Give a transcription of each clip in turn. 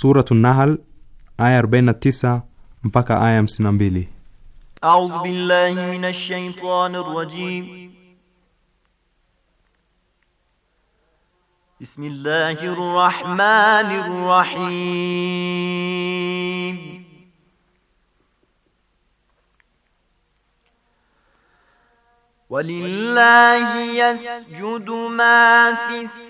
سورة النحل آية 49 mpaka aya 52. A'udhu billahi minash shaitanir rajim. Bismillahir rahmanir rahim. ولله يسجد ما في السماء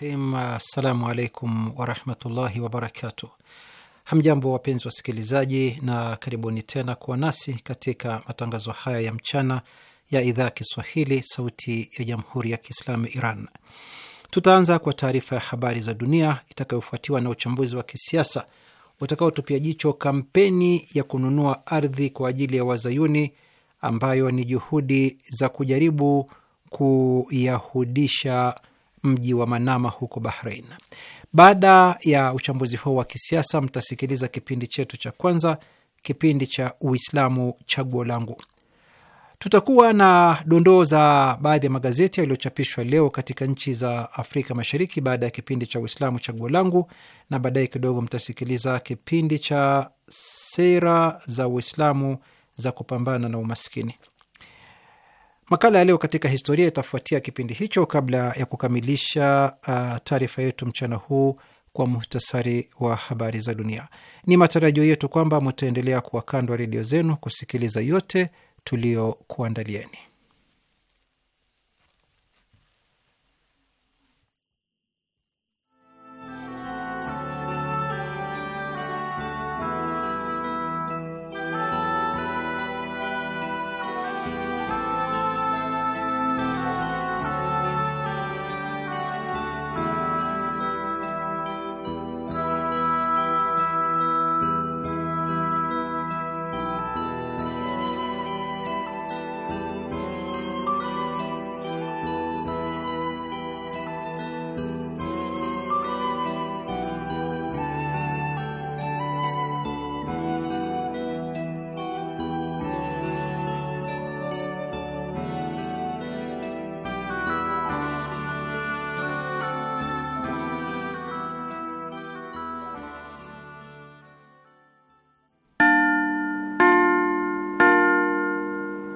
rahim. Assalamu alaikum warahmatullahi wabarakatu Hamjambo wapenzi wasikilizaji, na karibuni tena kuwa nasi katika matangazo haya ya mchana ya idhaa ya Kiswahili sauti ya jamhuri ya Kiislamu Iran. Tutaanza kwa taarifa ya habari za dunia itakayofuatiwa na uchambuzi wa kisiasa utakaotupia jicho kampeni ya kununua ardhi kwa ajili ya Wazayuni ambayo ni juhudi za kujaribu kuyahudisha mji wa Manama huko bahrein Baada ya uchambuzi huo wa kisiasa, mtasikiliza kipindi chetu cha kwanza, kipindi cha Uislamu Chaguo Langu. Tutakuwa na dondoo za baadhi ya magazeti yaliyochapishwa leo katika nchi za Afrika Mashariki baada ya kipindi cha Uislamu Chaguo Langu, na baadaye kidogo mtasikiliza kipindi cha Sera za Uislamu za kupambana na umaskini. Makala ya leo katika historia itafuatia kipindi hicho, kabla ya kukamilisha uh, taarifa yetu mchana huu kwa muhtasari wa habari za dunia. Ni matarajio yetu kwamba mutaendelea kuwa kando wa redio zenu kusikiliza yote tuliyokuandalieni.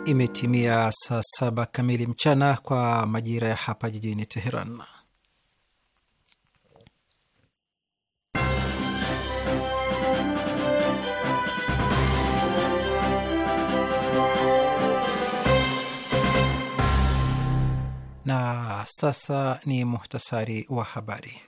Imetimia saa saba kamili mchana kwa majira ya hapa jijini Teheran. Na sasa ni muhtasari wa habari.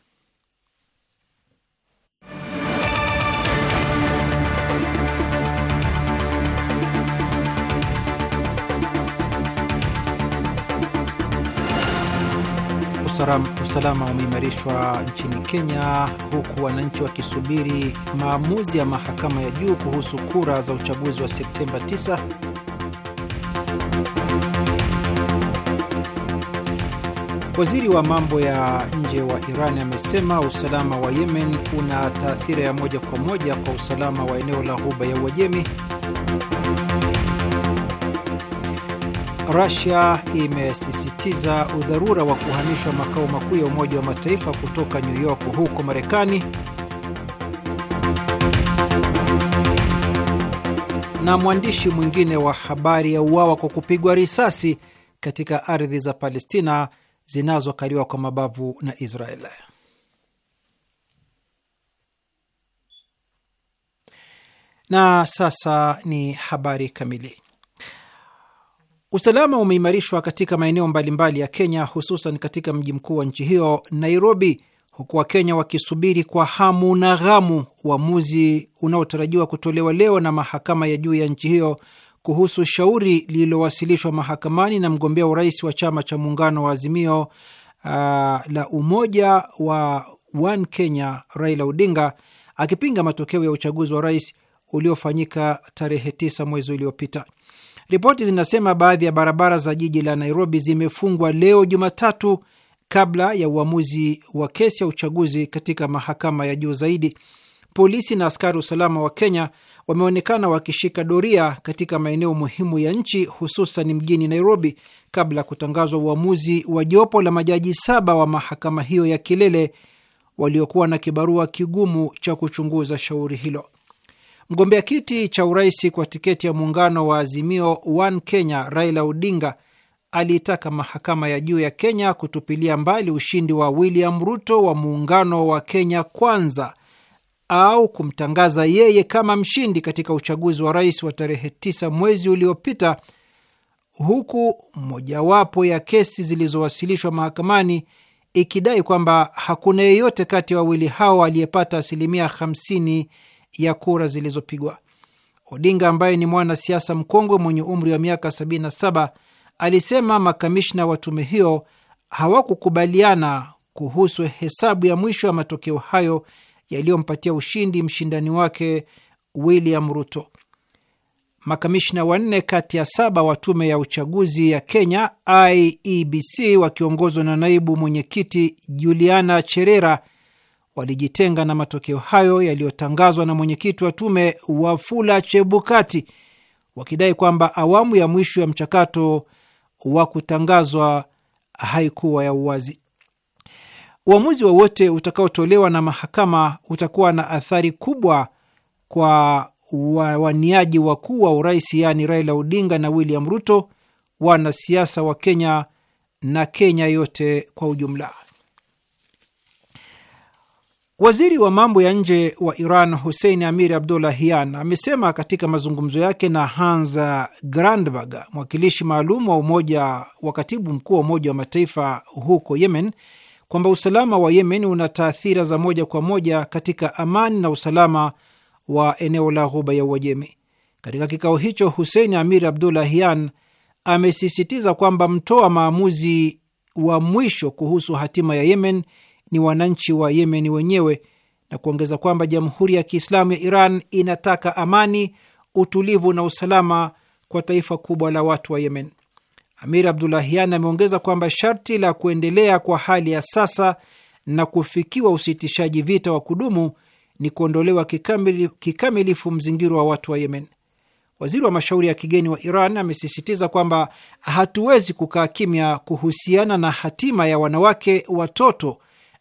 usalama umeimarishwa nchini Kenya, huku wananchi wakisubiri maamuzi ya mahakama ya juu kuhusu kura za uchaguzi wa Septemba 9. Waziri wa mambo ya nje wa Iran amesema usalama wa Yemen una taathira ya moja kwa moja kwa usalama wa eneo la Ghuba ya Uajemi rasia imesisitiza udharura wa kuhamishwa makao makuu ya Umoja wa Mataifa kutoka New York huko Marekani. Na mwandishi mwingine wa habari ya uawa kwa kupigwa risasi katika ardhi za Palestina zinazokaliwa kwa mabavu na israel Na sasa ni habari kamili. Usalama umeimarishwa katika maeneo mbalimbali ya Kenya, hususan katika mji mkuu wa nchi hiyo Nairobi, huku Wakenya wakisubiri kwa hamu na ghamu uamuzi unaotarajiwa kutolewa leo na mahakama ya juu ya nchi hiyo kuhusu shauri lililowasilishwa mahakamani na mgombea urais wa chama cha muungano wa Azimio uh, la umoja wa One Kenya Raila Odinga akipinga matokeo ya uchaguzi wa rais uliofanyika tarehe 9 mwezi uliopita. Ripoti zinasema baadhi ya barabara za jiji la Nairobi zimefungwa leo Jumatatu kabla ya uamuzi wa kesi ya uchaguzi katika mahakama ya juu zaidi. Polisi na askari usalama wa Kenya wameonekana wakishika doria katika maeneo muhimu ya nchi, hususan mjini Nairobi, kabla ya kutangazwa uamuzi wa jopo la majaji saba wa mahakama hiyo ya kilele waliokuwa na kibarua kigumu cha kuchunguza shauri hilo. Mgombea kiti cha urais kwa tiketi ya muungano wa Azimio One Kenya Raila Odinga aliitaka mahakama ya juu ya Kenya kutupilia mbali ushindi wa William Ruto wa muungano wa Kenya Kwanza au kumtangaza yeye kama mshindi katika uchaguzi wa rais wa tarehe 9 mwezi uliopita, huku mojawapo ya kesi zilizowasilishwa mahakamani ikidai kwamba hakuna yeyote kati ya wawili hao aliyepata asilimia ya kura zilizopigwa. Odinga ambaye ni mwanasiasa mkongwe mwenye umri wa miaka 77 alisema makamishna wa tume hiyo hawakukubaliana kuhusu hesabu ya mwisho ya matokeo hayo yaliyompatia ushindi mshindani wake William Ruto. Makamishna wanne kati ya saba wa tume ya uchaguzi ya Kenya IEBC wakiongozwa na naibu mwenyekiti Juliana Cherera walijitenga na matokeo hayo yaliyotangazwa na mwenyekiti wa tume Wafula Chebukati, wakidai kwamba awamu ya mwisho ya mchakato wa kutangazwa haikuwa ya uwazi. Uamuzi wowote utakaotolewa na mahakama utakuwa na athari kubwa kwa wawaniaji wakuu wa urais, yaani Raila Odinga na William Ruto, wanasiasa wa Kenya na Kenya yote kwa ujumla. Waziri wa mambo ya nje wa Iran Hussein Amir Abdollahian amesema katika mazungumzo yake na Hans Grandberg, mwakilishi maalum wa umoja wa katibu mkuu wa Umoja wa Mataifa huko Yemen, kwamba usalama wa Yemen una taathira za moja kwa moja katika amani na usalama wa eneo la Ghuba ya Uajemi. Katika kikao hicho, Hussein Amir Abdollahian amesisitiza kwamba mtoa maamuzi wa mwisho kuhusu hatima ya Yemen ni wananchi wa yemen wenyewe na kuongeza kwamba Jamhuri ya Kiislamu ya Iran inataka amani, utulivu na usalama kwa taifa kubwa la watu wa Yemen. Amir Abdulahian ameongeza kwamba sharti la kuendelea kwa hali ya sasa na kufikiwa usitishaji vita wa kudumu ni kuondolewa kikamilifu kikamili mzingiro wa watu wa Yemen. Waziri wa mashauri ya kigeni wa Iran amesisitiza kwamba hatuwezi kukaa kimya kuhusiana na hatima ya wanawake, watoto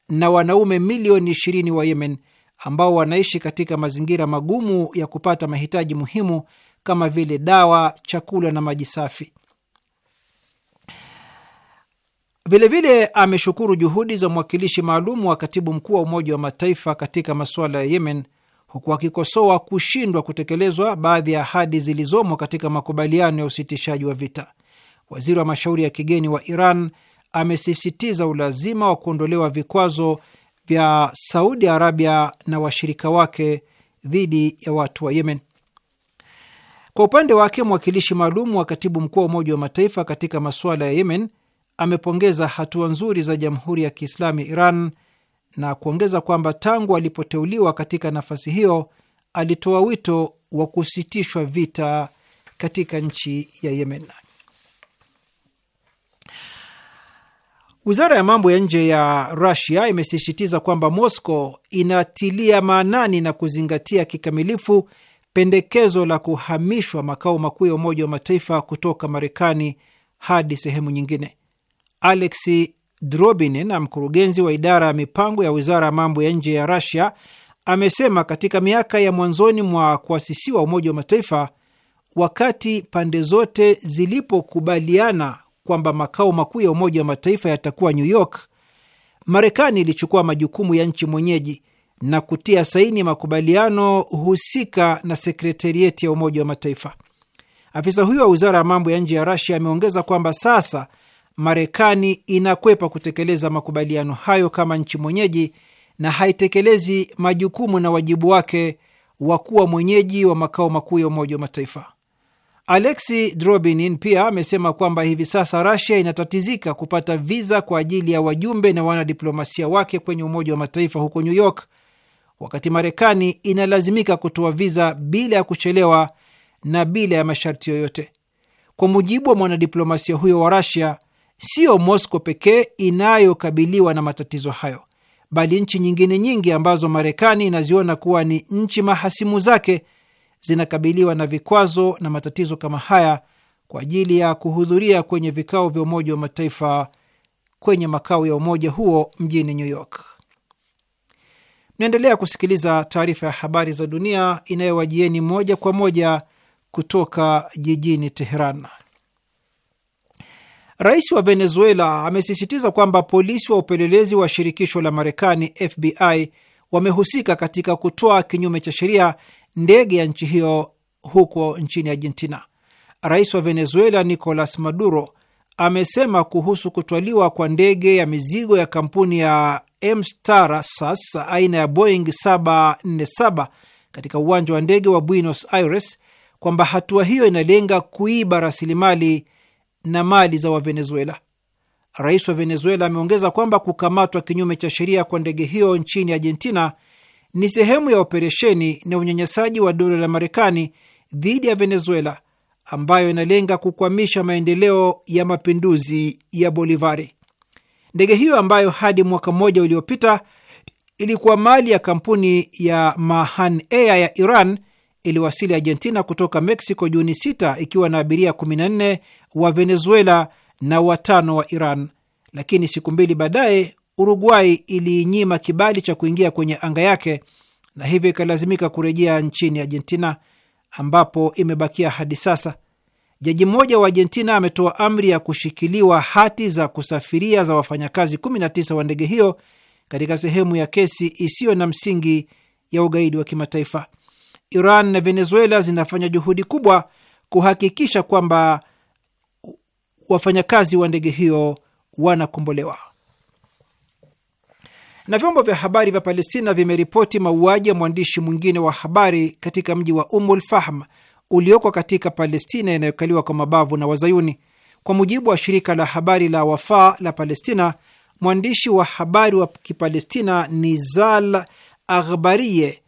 na wanaume milioni 20 wa Yemen ambao wanaishi katika mazingira magumu ya kupata mahitaji muhimu kama vile dawa, chakula na maji safi. Vilevile ameshukuru juhudi za mwakilishi maalum wa katibu mkuu wa Umoja wa Mataifa katika masuala ya Yemen, huku akikosoa kushindwa kutekelezwa baadhi ya ahadi zilizomo katika makubaliano ya usitishaji wa vita. Waziri wa mashauri ya kigeni wa Iran amesisitiza ulazima wa kuondolewa vikwazo vya Saudi Arabia na washirika wake dhidi ya watu wa Yemen. Kwa upande wake, mwakilishi maalum wa katibu mkuu wa Umoja wa Mataifa katika masuala ya Yemen amepongeza hatua nzuri za Jamhuri ya Kiislamu Iran na kuongeza kwamba tangu alipoteuliwa katika nafasi hiyo alitoa wito wa kusitishwa vita katika nchi ya Yemen. Wizara ya mambo ya nje ya Rusia imesisitiza kwamba Moscow inatilia maanani na kuzingatia kikamilifu pendekezo la kuhamishwa makao makuu ya Umoja wa Mataifa kutoka Marekani hadi sehemu nyingine. Alexi Drobinin na mkurugenzi wa idara ya mipango ya wizara ya mambo ya nje ya Rusia amesema katika miaka ya mwanzoni mwa kuasisiwa Umoja wa Mataifa, wakati pande zote zilipokubaliana kwamba makao makuu ya Umoja wa Mataifa yatakuwa New York, Marekani ilichukua majukumu ya nchi mwenyeji na kutia saini makubaliano husika na sekretarieti ya Umoja wa Mataifa. Afisa huyo wa wizara ya mambo ya nje ya Rasia ameongeza kwamba sasa Marekani inakwepa kutekeleza makubaliano hayo kama nchi mwenyeji na haitekelezi majukumu na wajibu wake wa kuwa mwenyeji wa makao makuu ya Umoja wa Mataifa. Alexi Drobinin pia amesema kwamba hivi sasa Rasia inatatizika kupata viza kwa ajili ya wajumbe na wanadiplomasia wake kwenye Umoja wa Mataifa huko New York, wakati Marekani inalazimika kutoa viza bila ya kuchelewa na bila ya masharti yoyote. Kwa mujibu wa mwanadiplomasia huyo wa Rasia, siyo Moscow pekee inayokabiliwa na matatizo hayo, bali nchi nyingine nyingi ambazo Marekani inaziona kuwa ni nchi mahasimu zake zinakabiliwa na vikwazo na matatizo kama haya kwa ajili ya kuhudhuria kwenye vikao vya Umoja wa Mataifa kwenye makao ya umoja huo mjini New York. Mnaendelea kusikiliza taarifa ya habari za dunia inayowajieni moja kwa moja kutoka jijini Teheran. Rais wa Venezuela amesisitiza kwamba polisi wa upelelezi wa shirikisho la Marekani FBI wamehusika katika kutoa kinyume cha sheria ndege ya nchi hiyo huko nchini Argentina. Rais wa Venezuela Nicolas Maduro amesema kuhusu kutwaliwa kwa ndege ya mizigo ya kampuni ya Mstar sas aina ya Boeing 747 katika uwanja wa ndege wa Buenos Aires kwamba hatua hiyo inalenga kuiba rasilimali na mali za Wavenezuela. Rais wa Venezuela ameongeza kwamba kukamatwa kinyume cha sheria kwa ndege hiyo nchini Argentina ni sehemu ya operesheni na unyanyasaji wa dola la Marekani dhidi ya Venezuela ambayo inalenga kukwamisha maendeleo ya mapinduzi ya Bolivari. Ndege hiyo ambayo hadi mwaka mmoja uliopita ilikuwa mali ya kampuni ya Mahan Air ya Iran iliwasili Argentina kutoka Mexico Juni 6 ikiwa na abiria 14 wa Venezuela na watano wa Iran, lakini siku mbili baadaye Uruguay iliinyima kibali cha kuingia kwenye anga yake na hivyo ikalazimika kurejea nchini Argentina ambapo imebakia hadi sasa. Jaji mmoja wa Argentina ametoa amri ya kushikiliwa hati za kusafiria za wafanyakazi 19 wa ndege hiyo katika sehemu ya kesi isiyo na msingi ya ugaidi wa kimataifa. Iran na Venezuela zinafanya juhudi kubwa kuhakikisha kwamba wafanyakazi wa ndege hiyo wanakombolewa. Na vyombo vya habari vya Palestina vimeripoti mauaji ya mwandishi mwingine wa habari katika mji wa Umul Fahm ulioko katika Palestina inayokaliwa kwa mabavu na Wazayuni. Kwa mujibu wa shirika la habari la Wafa la Palestina, mwandishi wa habari wa Kipalestina Nizal Aghbarie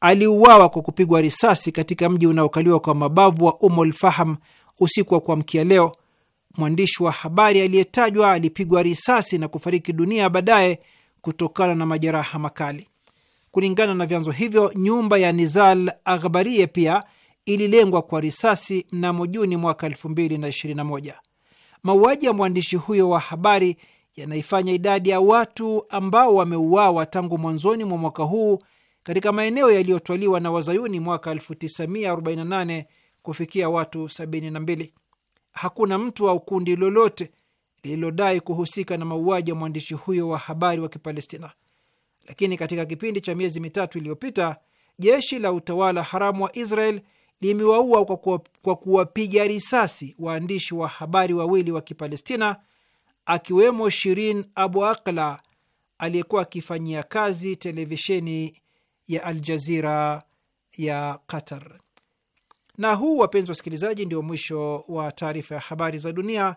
aliuawa kwa kupigwa risasi katika mji unaokaliwa kwa mabavu wa Umul Fahm usiku wa kuamkia leo. Mwandishi wa habari aliyetajwa alipigwa risasi na kufariki dunia baadaye kutokana na majeraha makali. Kulingana na vyanzo hivyo, nyumba ya Nizal Aghbarie pia ililengwa kwa risasi mnamo Juni mwaka 2021. Mauaji ya mwandishi huyo wa habari yanaifanya idadi ya watu ambao wameuawa tangu mwanzoni mwa mwaka huu katika maeneo yaliyotwaliwa na wazayuni mwaka 1948 kufikia watu 72. Hakuna mtu au kundi lolote lililodai kuhusika na mauaji ya mwandishi huyo wa habari wa Kipalestina. Lakini katika kipindi cha miezi mitatu iliyopita, jeshi la utawala haramu wa Israel limewaua kwa kuwapiga risasi waandishi wa habari wawili wa Kipalestina, akiwemo Shirin Abu Akla aliyekuwa akifanyia kazi televisheni ya Al Jazira ya Qatar. Na huu, wapenzi wasikilizaji, ndio mwisho wa taarifa ya habari za dunia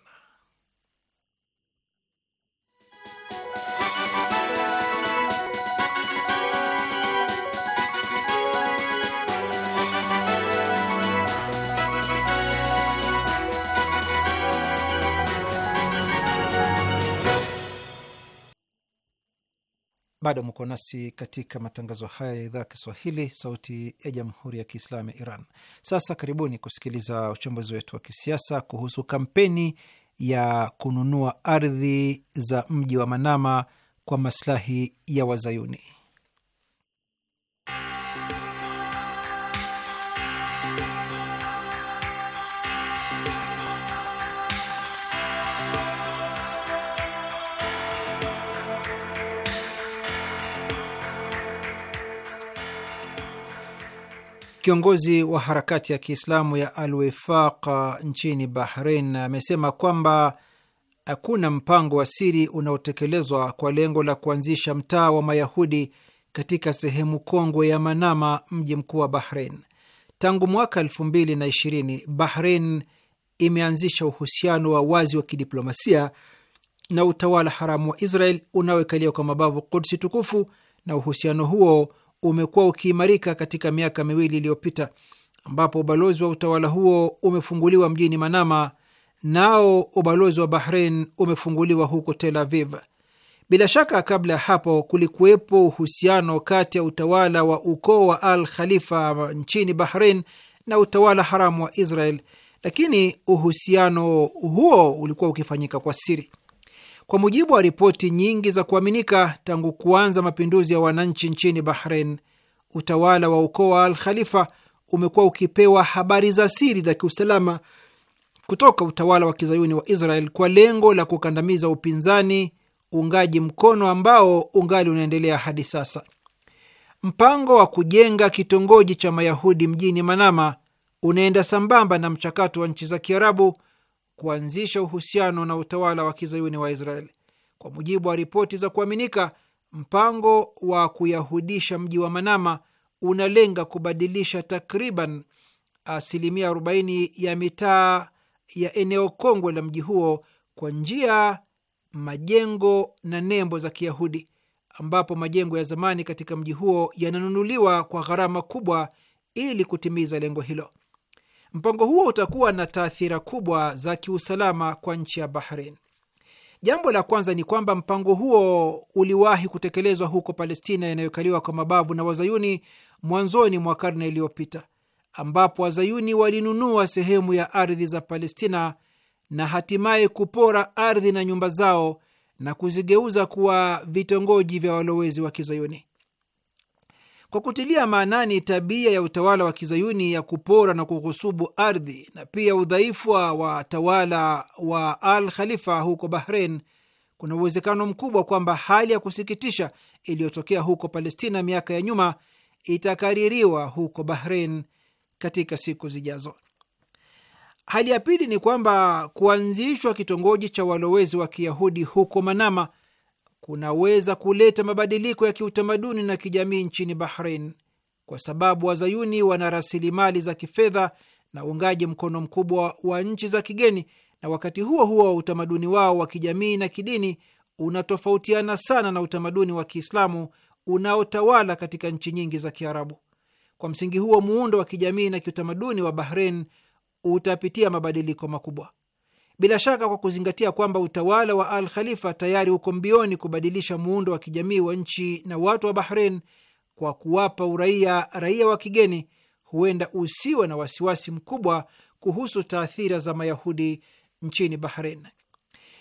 Bado mko nasi katika matangazo haya ya idhaa ya Kiswahili, sauti ya jamhuri ya kiislamu ya Iran. Sasa karibuni kusikiliza uchambuzi wetu wa kisiasa kuhusu kampeni ya kununua ardhi za mji wa Manama kwa maslahi ya Wazayuni. Kiongozi wa harakati ya Kiislamu ya Al Wifaq nchini Bahrain amesema kwamba hakuna mpango wa siri unaotekelezwa kwa lengo la kuanzisha mtaa wa Mayahudi katika sehemu kongwe ya Manama, mji mkuu wa Bahrain. Tangu mwaka elfu mbili na ishirini Bahrain imeanzisha uhusiano wa wazi wa kidiplomasia na utawala haramu wa Israel unaoekalia kwa mabavu Kudsi tukufu, na uhusiano huo umekuwa ukiimarika katika miaka miwili iliyopita, ambapo ubalozi wa utawala huo umefunguliwa mjini Manama, nao ubalozi wa Bahrain umefunguliwa huko Tel Aviv. Bila shaka kabla ya hapo kulikuwepo uhusiano kati ya utawala wa ukoo wa Al Khalifa nchini Bahrain na utawala haramu wa Israel, lakini uhusiano huo ulikuwa ukifanyika kwa siri. Kwa mujibu wa ripoti nyingi za kuaminika, tangu kuanza mapinduzi ya wananchi nchini Bahrein, utawala wa ukoo wa Al Khalifa umekuwa ukipewa habari za siri za kiusalama kutoka utawala wa kizayuni wa Israel kwa lengo la kukandamiza upinzani, uungaji mkono ambao ungali unaendelea hadi sasa. Mpango wa kujenga kitongoji cha Mayahudi mjini Manama unaenda sambamba na mchakato wa nchi za Kiarabu kuanzisha uhusiano na utawala wa kizayuni wa Israel. Kwa mujibu wa ripoti za kuaminika, mpango wa kuyahudisha mji wa Manama unalenga kubadilisha takriban asilimia 40 ya mitaa ya eneo kongwe la mji huo kwa njia, majengo na nembo za Kiyahudi, ambapo majengo ya zamani katika mji huo yananunuliwa kwa gharama kubwa ili kutimiza lengo hilo. Mpango huo utakuwa na taathira kubwa za kiusalama kwa nchi ya Bahrain. Jambo la kwanza ni kwamba mpango huo uliwahi kutekelezwa huko Palestina inayokaliwa kwa mabavu na Wazayuni mwanzoni mwa karne iliyopita, ambapo Wazayuni walinunua sehemu ya ardhi za Palestina na hatimaye kupora ardhi na nyumba zao na kuzigeuza kuwa vitongoji vya walowezi wa Kizayuni. Kwa kutilia maanani tabia ya utawala wa kizayuni ya kupora na kughusubu ardhi na pia udhaifu wa watawala wa Al Khalifa huko Bahrein, kuna uwezekano mkubwa kwamba hali ya kusikitisha iliyotokea huko Palestina miaka ya nyuma itakaririwa huko Bahrein katika siku zijazo. Hali ya pili ni kwamba kuanzishwa kitongoji cha walowezi wa kiyahudi huko Manama kunaweza kuleta mabadiliko ya kiutamaduni na kijamii nchini Bahrain, kwa sababu wazayuni wana rasilimali za kifedha na uungaji mkono mkubwa wa nchi za kigeni, na wakati huo huo utamaduni wao wa kijamii na kidini unatofautiana sana na utamaduni wa Kiislamu unaotawala katika nchi nyingi za Kiarabu. Kwa msingi huo, muundo wa kijamii na kiutamaduni wa Bahrain utapitia mabadiliko makubwa. Bila shaka kwa kuzingatia kwamba utawala wa Al Khalifa tayari uko mbioni kubadilisha muundo wa kijamii wa nchi na watu wa Bahrein kwa kuwapa uraia raia wa kigeni, huenda usiwe na wasiwasi mkubwa kuhusu taathira za Mayahudi nchini Bahrein.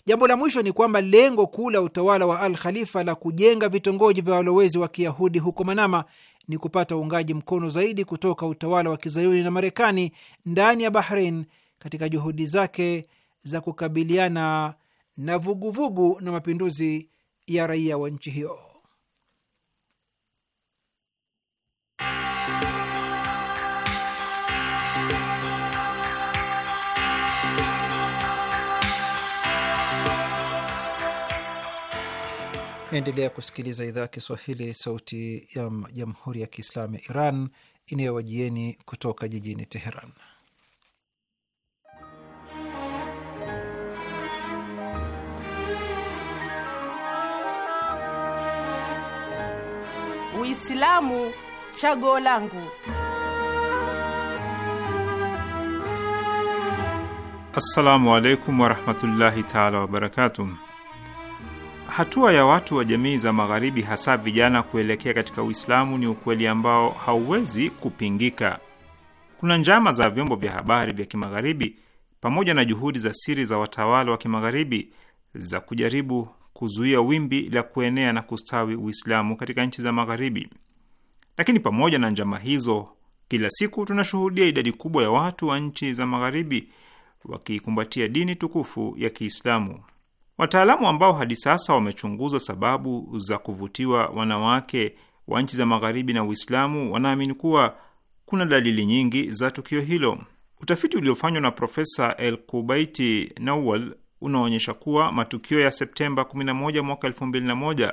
Jambo la mwisho ni kwamba lengo kuu la utawala wa Al Khalifa la kujenga vitongoji vya walowezi wa kiyahudi huko Manama ni kupata uungaji mkono zaidi kutoka utawala wa kizayuni na Marekani ndani ya Bahrein katika juhudi zake za kukabiliana na vuguvugu vugu na mapinduzi ya raia wa nchi hiyo. Naendelea kusikiliza idhaa ya Kiswahili, sauti ya jamhuri ya kiislamu ya Iran inayowajieni kutoka jijini Teheran. Uislamu chaguo langu. Assalamu alaikum warahmatullahi taala wabarakatuh. Hatua ya watu wa jamii za Magharibi, hasa vijana, kuelekea katika Uislamu ni ukweli ambao hauwezi kupingika. Kuna njama za vyombo vya habari vya Kimagharibi pamoja na juhudi za siri za watawala wa Kimagharibi za kujaribu kuzuia wimbi la kuenea na kustawi Uislamu katika nchi za Magharibi. Lakini pamoja na njama hizo, kila siku tunashuhudia idadi kubwa ya watu wa nchi za Magharibi wakiikumbatia dini tukufu ya Kiislamu. Wataalamu ambao hadi sasa wamechunguza sababu za kuvutiwa wanawake wa nchi za Magharibi na Uislamu wanaamini kuwa kuna dalili nyingi za tukio hilo. Utafiti uliofanywa na Profesa El Kubaiti Nawal unaonyesha kuwa matukio ya Septemba 11 mwaka 2001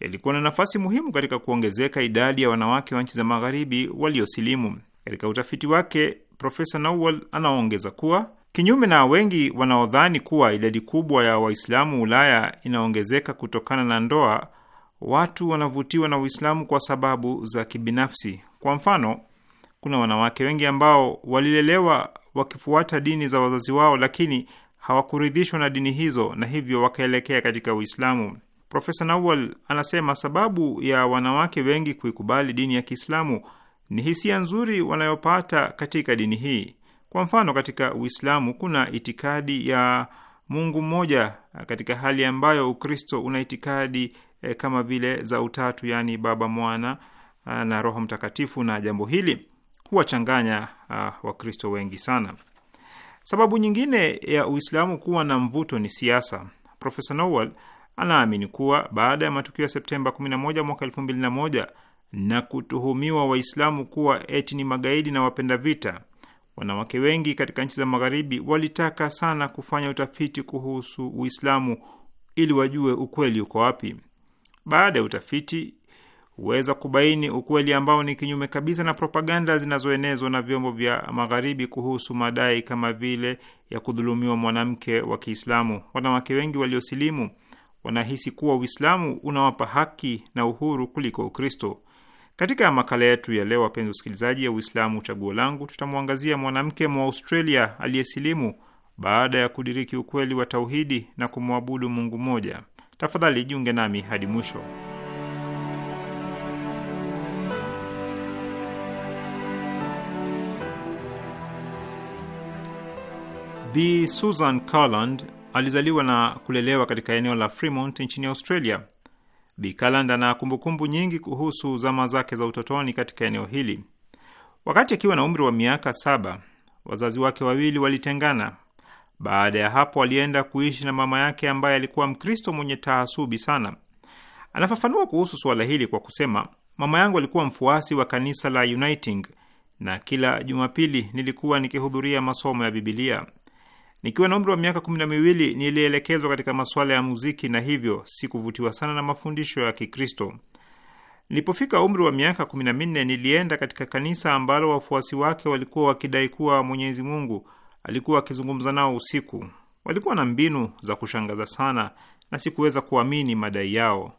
yalikuwa na nafasi muhimu katika kuongezeka idadi ya wanawake wa nchi za magharibi waliosilimu. Katika utafiti wake, Profesa Nawal anaongeza kuwa kinyume na wengi wanaodhani kuwa idadi kubwa ya Waislamu Ulaya inaongezeka kutokana na ndoa, watu wanavutiwa na Uislamu kwa sababu za kibinafsi. Kwa mfano, kuna wanawake wengi ambao walilelewa wakifuata dini za wazazi wao, lakini hawakuridhishwa na dini hizo na hivyo wakaelekea katika Uislamu. Profesa Nawal anasema sababu ya wanawake wengi kuikubali dini ya Kiislamu ni hisia nzuri wanayopata katika dini hii. Kwa mfano, katika Uislamu kuna itikadi ya Mungu mmoja katika hali ambayo Ukristo una itikadi e, kama vile za utatu, yaani Baba, Mwana e, na Roho Mtakatifu, na jambo hili huwachanganya e, Wakristo wengi sana. Sababu nyingine ya Uislamu kuwa na mvuto ni siasa. Profesa Nowal anaamini kuwa baada ya matukio ya Septemba 11 mwaka 2001 na kutuhumiwa Waislamu kuwa eti ni magaidi na wapenda vita, wanawake wengi katika nchi za Magharibi walitaka sana kufanya utafiti kuhusu Uislamu ili wajue ukweli uko wapi. Baada ya utafiti, huweza kubaini ukweli ambao ni kinyume kabisa na propaganda zinazoenezwa na vyombo vya magharibi kuhusu madai kama vile ya kudhulumiwa mwanamke wa Kiislamu. Wanawake wengi waliosilimu wanahisi kuwa Uislamu unawapa haki na uhuru kuliko Ukristo. Katika makala yetu ya leo, wapenzi wasikilizaji, ya Uislamu Chaguo Langu, tutamwangazia mwanamke mwa Australia aliyesilimu baada ya kudiriki ukweli wa tauhidi na kumwabudu Mungu mmoja. Tafadhali jiunge nami hadi mwisho. B Susan Garland alizaliwa na kulelewa katika eneo la Fremont nchini Australia. b Garland ana kumbukumbu nyingi kuhusu zama zake za utotoni katika eneo hili. Wakati akiwa na umri wa miaka saba, wazazi wake wawili walitengana. Baada ya hapo, alienda kuishi na mama yake ambaye alikuwa Mkristo mwenye taasubi sana. Anafafanua kuhusu suala hili kwa kusema, mama yangu alikuwa mfuasi wa kanisa la Uniting na kila Jumapili nilikuwa nikihudhuria masomo ya Bibilia. Nikiwa na umri wa miaka kumi na miwili nilielekezwa katika masuala ya muziki na hivyo sikuvutiwa sana na mafundisho ya Kikristo. Nilipofika umri wa miaka kumi na minne nilienda katika kanisa ambalo wafuasi wake walikuwa wakidai kuwa Mwenyezi Mungu alikuwa akizungumza nao usiku. Walikuwa na mbinu za kushangaza sana na sikuweza kuamini madai yao.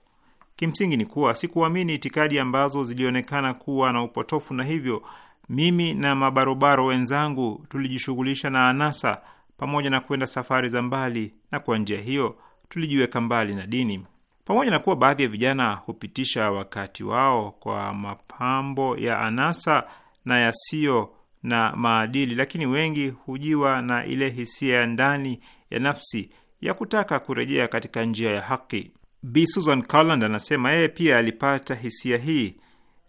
Kimsingi ni kuwa sikuamini itikadi ambazo zilionekana kuwa na upotofu, na hivyo mimi na mabarobaro wenzangu tulijishughulisha na anasa pamoja na kwenda safari za mbali, na kwa njia hiyo tulijiweka mbali na dini. Pamoja na kuwa baadhi ya vijana hupitisha wakati wao kwa mapambo ya anasa na yasiyo na maadili, lakini wengi hujiwa na ile hisia ya ndani ya nafsi ya kutaka kurejea katika njia ya haki. B. Susan Carland anasema yeye pia alipata hisia hii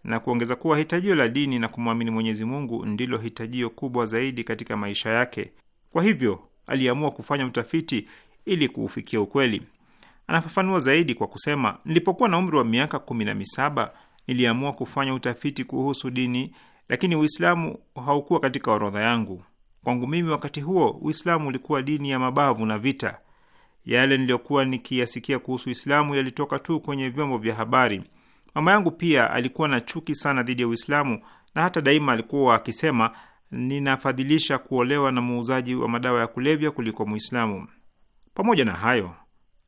na kuongeza kuwa hitajio la dini na kumwamini Mwenyezi Mungu ndilo hitajio kubwa zaidi katika maisha yake. Kwa hivyo aliamua kufanya utafiti ili kuufikia ukweli. Anafafanua zaidi kwa kusema, nilipokuwa na umri wa miaka kumi na misaba niliamua kufanya utafiti kuhusu dini, lakini Uislamu haukuwa katika orodha yangu. Kwangu mimi, wakati huo Uislamu ulikuwa dini ya mabavu na vita. Yale niliyokuwa nikiyasikia kuhusu Uislamu yalitoka tu kwenye vyombo vya habari. Mama yangu pia alikuwa na chuki sana dhidi ya Uislamu na hata daima alikuwa akisema ninafadhilisha kuolewa na muuzaji wa madawa ya kulevya kuliko Muislamu. Pamoja na hayo,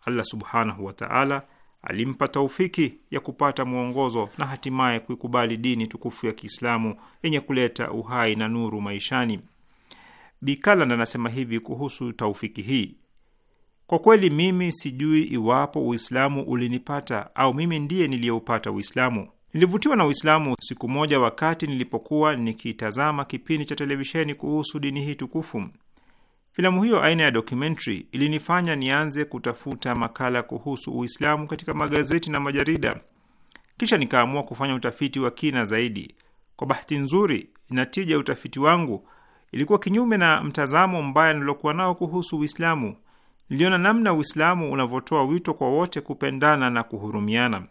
Allah subhanahu wa taala alimpa taufiki ya kupata mwongozo na hatimaye kuikubali dini tukufu ya Kiislamu yenye kuleta uhai na nuru maishani. Bikaland anasema hivi kuhusu taufiki hii: kwa kweli mimi sijui iwapo Uislamu ulinipata au mimi ndiye niliyeupata Uislamu. Nilivutiwa na Uislamu siku moja wakati nilipokuwa nikitazama kipindi cha televisheni kuhusu dini hii tukufu. Filamu hiyo aina ya documentary ilinifanya nianze kutafuta makala kuhusu Uislamu katika magazeti na majarida, kisha nikaamua kufanya utafiti wa kina zaidi. Kwa bahati nzuri, natija ya utafiti wangu ilikuwa kinyume na mtazamo mbaya nilokuwa nao kuhusu Uislamu. Niliona namna Uislamu unavyotoa wito kwa wote kupendana na kuhurumiana.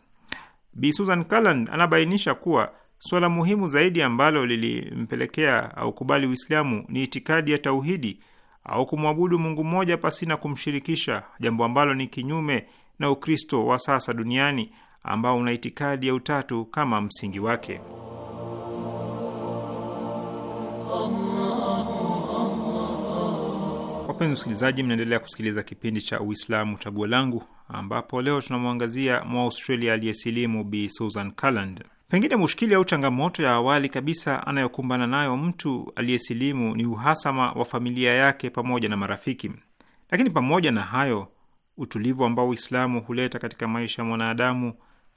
Bi Susan Calland anabainisha kuwa suala muhimu zaidi ambalo lilimpelekea au kubali Uislamu ni itikadi ya tauhidi au kumwabudu Mungu mmoja pasina kumshirikisha, jambo ambalo ni kinyume na Ukristo wa sasa duniani ambao una itikadi ya utatu kama msingi wake. Um wapenzi msikilizaji, mnaendelea kusikiliza kipindi cha Uislamu Chaguo Langu, ambapo leo tunamwangazia Mwaustralia aliyesilimu Bi Susan Culland. Pengine mushkili au changamoto ya awali kabisa anayokumbana nayo mtu aliyesilimu ni uhasama wa familia yake pamoja na marafiki, lakini pamoja na hayo, utulivu ambao Uislamu huleta katika maisha ya mwanadamu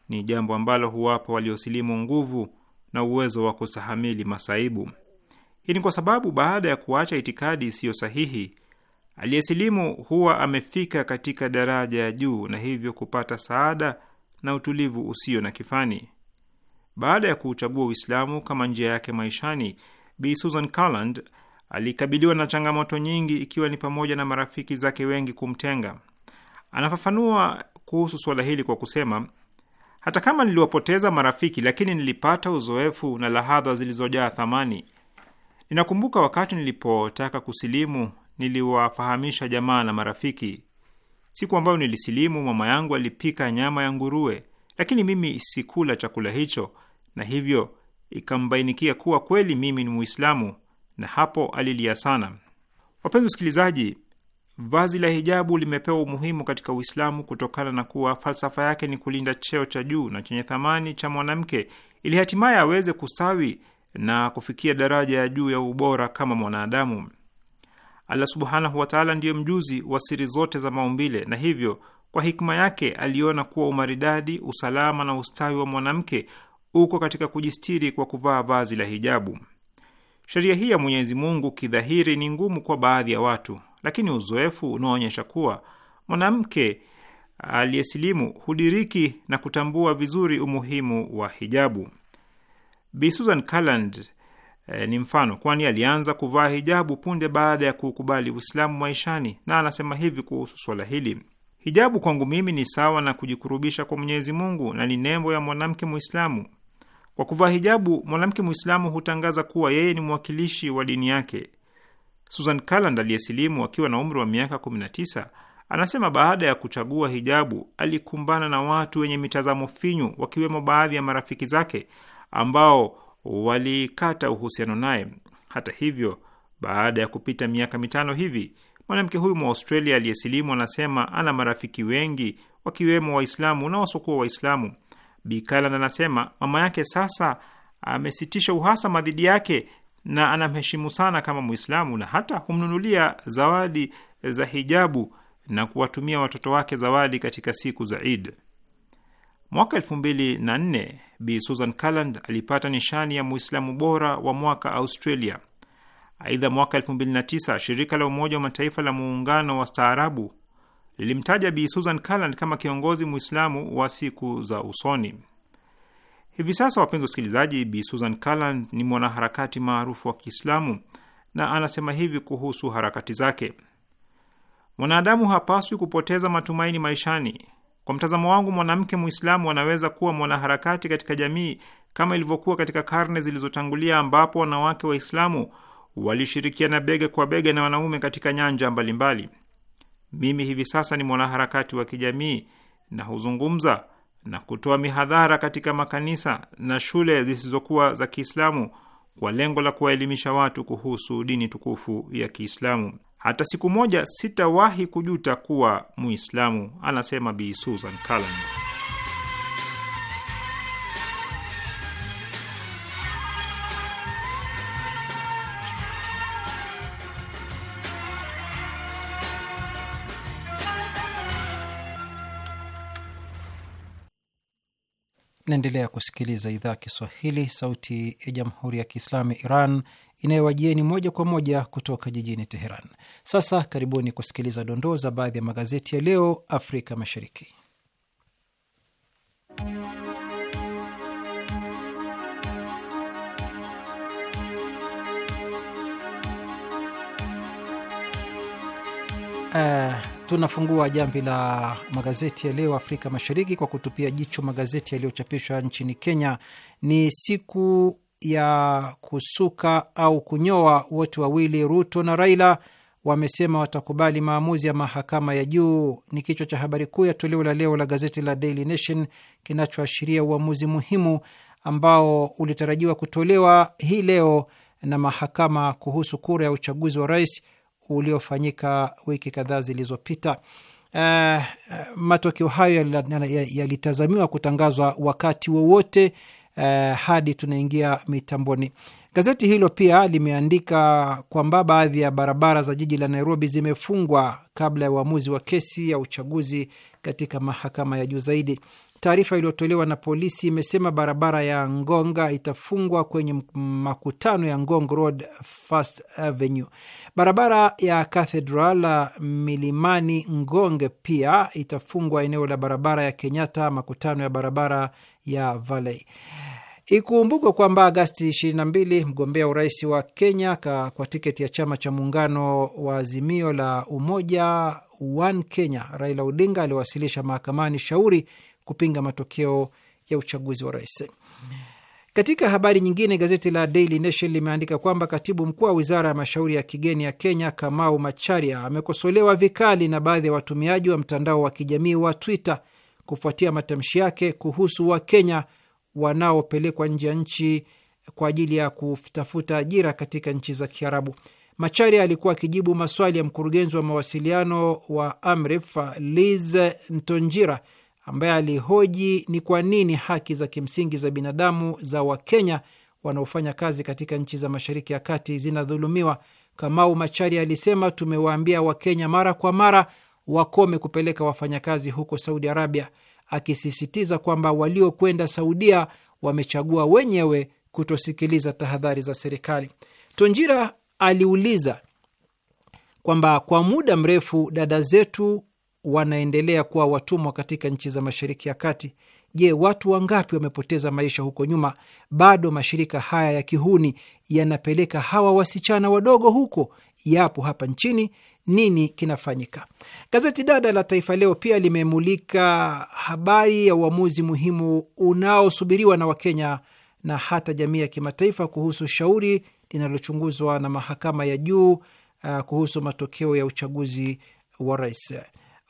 ni jambo ambalo huwapa waliosilimu nguvu na uwezo wa kusahamili masaibu. Hii ni kwa sababu baada ya kuacha itikadi isiyo sahihi Aliyesilimu huwa amefika katika daraja ya juu na hivyo kupata saada na utulivu usio na kifani. Baada ya kuuchagua Uislamu kama njia yake maishani, Bi Susan Garland alikabiliwa na changamoto nyingi, ikiwa ni pamoja na marafiki zake wengi kumtenga. Anafafanua kuhusu suala hili kwa kusema, hata kama niliwapoteza marafiki, lakini nilipata uzoefu na lahadha zilizojaa thamani. Ninakumbuka wakati nilipotaka kusilimu niliwafahamisha jamaa na marafiki. Siku ambayo nilisilimu, mama yangu alipika nyama ya nguruwe, lakini mimi sikula chakula hicho, na hivyo ikambainikia kuwa kweli mimi ni Muislamu, na hapo alilia sana. Wapenzi wasikilizaji, vazi la hijabu limepewa umuhimu katika Uislamu kutokana na kuwa falsafa yake ni kulinda cheo cha juu na chenye thamani cha mwanamke ili hatimaye aweze kustawi na kufikia daraja ya juu ya ubora kama mwanadamu. Allah subhanahu wataala ndiye mjuzi wa siri zote za maumbile, na hivyo kwa hikma yake aliona kuwa umaridadi, usalama na ustawi wa mwanamke uko katika kujistiri kwa kuvaa vazi la hijabu. Sheria hii ya Mwenyezi Mungu kidhahiri ni ngumu kwa baadhi ya watu, lakini uzoefu unaoonyesha kuwa mwanamke aliyesilimu hudiriki na kutambua vizuri umuhimu wa hijabu. Bi Susan Calland e, ni mfano, kwani alianza kuvaa hijabu punde baada ya kukubali Uislamu maishani, na anasema hivi kuhusu swala hili: hijabu kwangu mimi ni sawa na kujikurubisha kwa Mwenyezi Mungu na ni nembo ya mwanamke Muislamu. Kwa kuvaa hijabu, mwanamke Muislamu hutangaza kuwa yeye ni mwakilishi wa dini yake. Susan Kaland aliyesilimu akiwa na umri wa miaka 19 anasema baada ya kuchagua hijabu alikumbana na watu wenye mitazamo finyu, wakiwemo baadhi ya marafiki zake ambao walikata uhusiano naye. Hata hivyo, baada ya kupita miaka mitano hivi, mwanamke huyu Mwaustralia aliyesilimu anasema ana marafiki wengi wakiwemo Waislamu na wasokuwa Waislamu. Bikalan anasema mama yake sasa amesitisha uhasama dhidi yake na anamheshimu sana kama Mwislamu na hata humnunulia zawadi za hijabu na kuwatumia watoto wake zawadi katika siku za id Mwaka elfu mbili na nne Bi Susan Calland alipata nishani ya Muislamu bora wa mwaka Australia. Aidha, mwaka elfu mbili na tisa shirika la Umoja wa Mataifa la muungano wa staarabu lilimtaja Bi Susan Calland kama kiongozi Muislamu wa siku za usoni. Hivi sasa, wapenzi wasikilizaji, Bi Susan Calland ni mwanaharakati maarufu wa Kiislamu na anasema hivi kuhusu harakati zake: mwanadamu hapaswi kupoteza matumaini maishani kwa mtazamo wangu, mwanamke Mwislamu anaweza kuwa mwanaharakati katika jamii kama ilivyokuwa katika karne zilizotangulia, ambapo wanawake Waislamu walishirikiana bega kwa bega na wanaume katika nyanja mbalimbali mbali. Mimi hivi sasa ni mwanaharakati wa kijamii na huzungumza na kutoa mihadhara katika makanisa na shule zisizokuwa za Kiislamu kwa lengo la kuwaelimisha watu kuhusu dini tukufu ya Kiislamu hata siku moja sitawahi kujuta kuwa Muislamu, anasema Bi Susan Calan. Naendelea kusikiliza idhaa ya Kiswahili, sauti ya jamhuri ya kiislamu ya Iran inayowajieni moja kwa moja kutoka jijini Teheran. Sasa karibuni kusikiliza dondoo za baadhi ya magazeti ya leo Afrika Mashariki. Uh, tunafungua jamvi la magazeti ya leo Afrika Mashariki kwa kutupia jicho magazeti yaliyochapishwa nchini Kenya. Ni siku ya kusuka au kunyoa, wote wawili Ruto na Raila wamesema watakubali maamuzi ya mahakama ya juu, ni kichwa cha habari kuu ya toleo la leo la gazeti la Daily Nation kinachoashiria uamuzi muhimu ambao ulitarajiwa kutolewa hii leo na mahakama kuhusu kura ya uchaguzi wa rais uliofanyika wiki kadhaa zilizopita. Uh, matokeo hayo yalitazamiwa kutangazwa wakati wowote wa eh, hadi tunaingia mitamboni. Gazeti hilo pia limeandika kwamba baadhi ya barabara za jiji la Nairobi zimefungwa kabla ya uamuzi wa kesi ya uchaguzi katika mahakama ya juu zaidi. Taarifa iliyotolewa na polisi imesema barabara ya Ngonga itafungwa kwenye makutano ya Ngong Road, First Avenue. Barabara ya Cathedral Milimani Ngonge pia itafungwa eneo la barabara ya Kenyatta, makutano ya barabara ya Valley. Ikumbukwe kwamba Agasti 22 mgombea urais wa Kenya kwa tiketi ya chama cha muungano wa Azimio la Umoja One Kenya, Raila Odinga aliwasilisha mahakamani shauri kupinga matokeo ya uchaguzi wa rais. Katika habari nyingine, gazeti la Daily Nation limeandika kwamba katibu mkuu wa wizara ya mashauri ya kigeni ya Kenya, Kamau Macharia, amekosolewa vikali na baadhi ya watumiaji wa mtandao wa kijamii wa Twitter kufuatia matamshi yake kuhusu Wakenya wanaopelekwa nje ya nchi kwa ajili ya kutafuta ajira katika nchi za Kiarabu. machari alikuwa akijibu maswali ya mkurugenzi wa mawasiliano wa Amref Liz Ntonjira ambaye alihoji ni kwa nini haki za kimsingi za binadamu za Wakenya wanaofanya kazi katika nchi za Mashariki ya Kati zinadhulumiwa. Kamau machari alisema, tumewaambia Wakenya mara kwa mara wakome kupeleka wafanyakazi huko Saudi Arabia, akisisitiza kwamba waliokwenda Saudia wamechagua wenyewe kutosikiliza tahadhari za serikali. Tonjira aliuliza kwamba kwa muda mrefu dada zetu wanaendelea kuwa watumwa katika nchi za Mashariki ya Kati. Je, watu wangapi wamepoteza maisha huko nyuma? Bado mashirika haya ya kihuni yanapeleka hawa wasichana wadogo huko? Yapo hapa nchini nini kinafanyika. Gazeti dada la Taifa Leo pia limemulika habari ya uamuzi muhimu unaosubiriwa na Wakenya na hata jamii ya kimataifa kuhusu shauri linalochunguzwa na mahakama ya juu uh, kuhusu matokeo ya uchaguzi wa rais.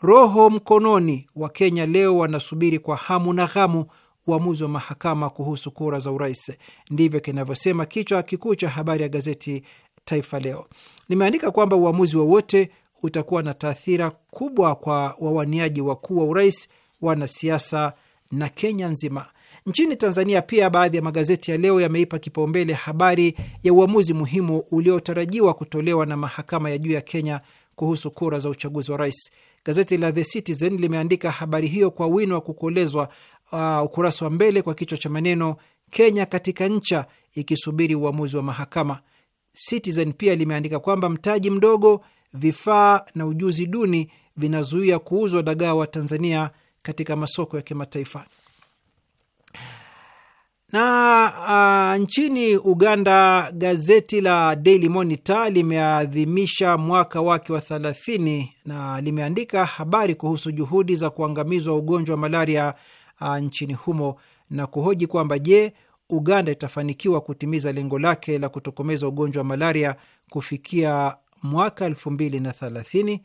Roho mkononi, Wakenya leo wanasubiri kwa hamu na ghamu uamuzi wa mahakama kuhusu kura za urais. Ndivyo kinavyosema kichwa kikuu cha habari ya gazeti Taifa Leo limeandika kwamba uamuzi wowote utakuwa na taathira kubwa kwa wawaniaji wakuu wa urais, wanasiasa na Kenya nzima. Nchini Tanzania pia baadhi ya magazeti ya leo yameipa kipaumbele habari ya uamuzi muhimu uliotarajiwa kutolewa na mahakama ya juu ya Kenya kuhusu kura za uchaguzi wa rais. Gazeti la The Citizen limeandika habari hiyo kwa wino wa kukolezwa, uh, ukurasa wa mbele kwa kichwa cha maneno Kenya katika ncha ikisubiri uamuzi wa mahakama. Citizen pia limeandika kwamba mtaji mdogo, vifaa na ujuzi duni vinazuia kuuzwa dagaa wa Tanzania katika masoko ya kimataifa. Na uh, nchini Uganda gazeti la Daily Monitor limeadhimisha mwaka wake wa thelathini na limeandika habari kuhusu juhudi za kuangamizwa ugonjwa wa malaria uh, nchini humo na kuhoji kwamba je, Uganda itafanikiwa kutimiza lengo lake la kutokomeza ugonjwa wa malaria kufikia mwaka elfu mbili na thelathini,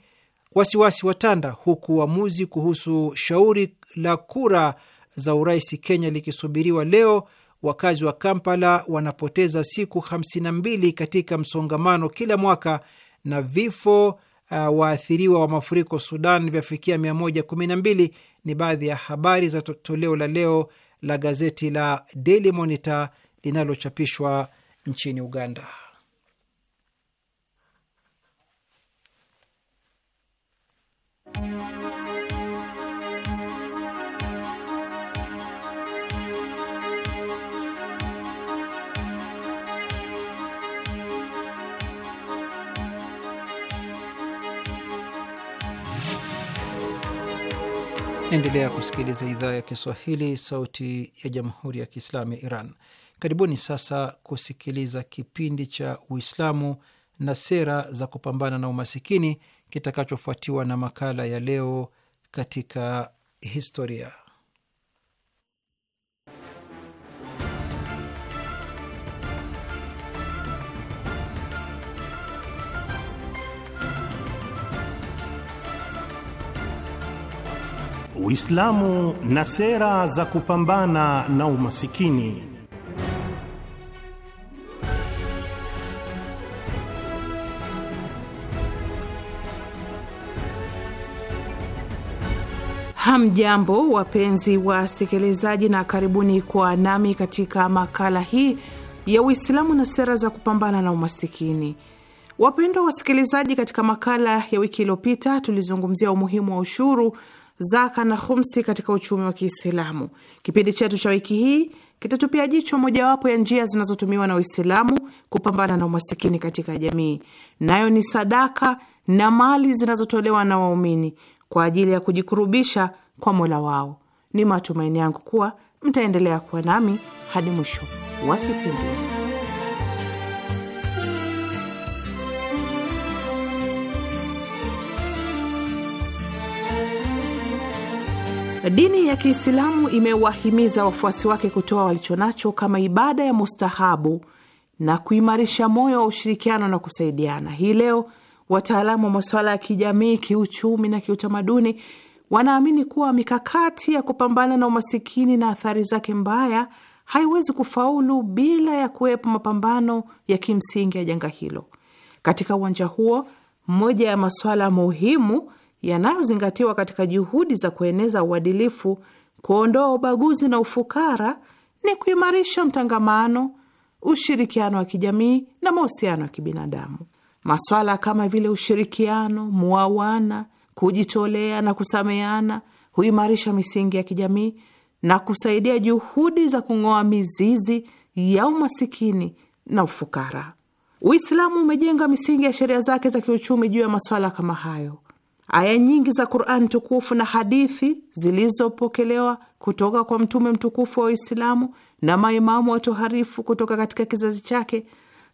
wasiwasi watanda, huku uamuzi kuhusu shauri la kura za urais Kenya likisubiriwa leo. Wakazi wa Kampala wanapoteza siku 52 katika msongamano kila mwaka, na vifo uh, waathiriwa wa mafuriko Sudan vyafikia 112. Ni baadhi ya habari za toleo la leo la gazeti la Daily Monitor linalochapishwa nchini Uganda. endelea kusikiliza idhaa ya Kiswahili, sauti ya jamhuri ya kiislamu ya Iran. Karibuni sasa kusikiliza kipindi cha Uislamu na sera za kupambana na umasikini kitakachofuatiwa na makala ya leo katika historia. Uislamu na sera za kupambana na umasikini. Hamjambo, wapenzi wasikilizaji, na karibuni kwa nami katika makala hii ya Uislamu na sera za kupambana na umasikini. Wapendwa wasikilizaji, katika makala ya wiki iliyopita tulizungumzia umuhimu wa ushuru zaka na khumsi katika uchumi wa Kiislamu. Kipindi chetu cha wiki hii kitatupia jicho mojawapo ya njia zinazotumiwa na Uislamu kupambana na umasikini katika jamii, nayo ni sadaka na mali zinazotolewa na waumini kwa ajili ya kujikurubisha kwa Mola wao. Ni matumaini yangu kuwa mtaendelea kuwa nami hadi mwisho wa kipindi. Dini ya Kiislamu imewahimiza wafuasi wake kutoa walichonacho kama ibada ya mustahabu na kuimarisha moyo wa ushirikiano na kusaidiana. Hii leo wataalamu wa masuala ya kijamii, kiuchumi na kiutamaduni wanaamini kuwa mikakati ya kupambana na umasikini na athari zake mbaya haiwezi kufaulu bila ya kuwepo mapambano ya kimsingi ya janga hilo. Katika uwanja huo, moja ya masuala muhimu yanayozingatiwa katika juhudi za kueneza uadilifu, kuondoa ubaguzi na ufukara ni kuimarisha mtangamano, ushirikiano wa kijamii na mahusiano ya kibinadamu. Maswala kama vile ushirikiano, muawana, kujitolea na kusameana huimarisha misingi ya kijamii na kusaidia juhudi za kung'oa mizizi ya umasikini na ufukara. Uislamu umejenga misingi ya sheria zake za kiuchumi juu ya maswala kama hayo. Aya nyingi za Qurani tukufu na hadithi zilizopokelewa kutoka kwa mtume mtukufu wa Uislamu na maimamu watoharifu kutoka katika kizazi chake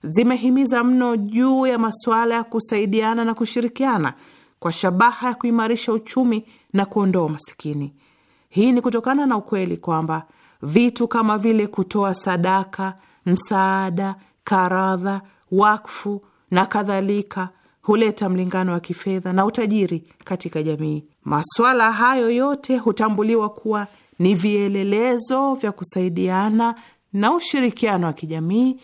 zimehimiza mno juu ya masuala ya kusaidiana na kushirikiana kwa shabaha ya kuimarisha uchumi na kuondoa masikini. Hii ni kutokana na ukweli kwamba vitu kama vile kutoa sadaka, msaada, karadha, wakfu na kadhalika huleta mlingano wa kifedha na utajiri katika jamii. Maswala hayo yote hutambuliwa kuwa ni vielelezo vya kusaidiana na ushirikiano wa kijamii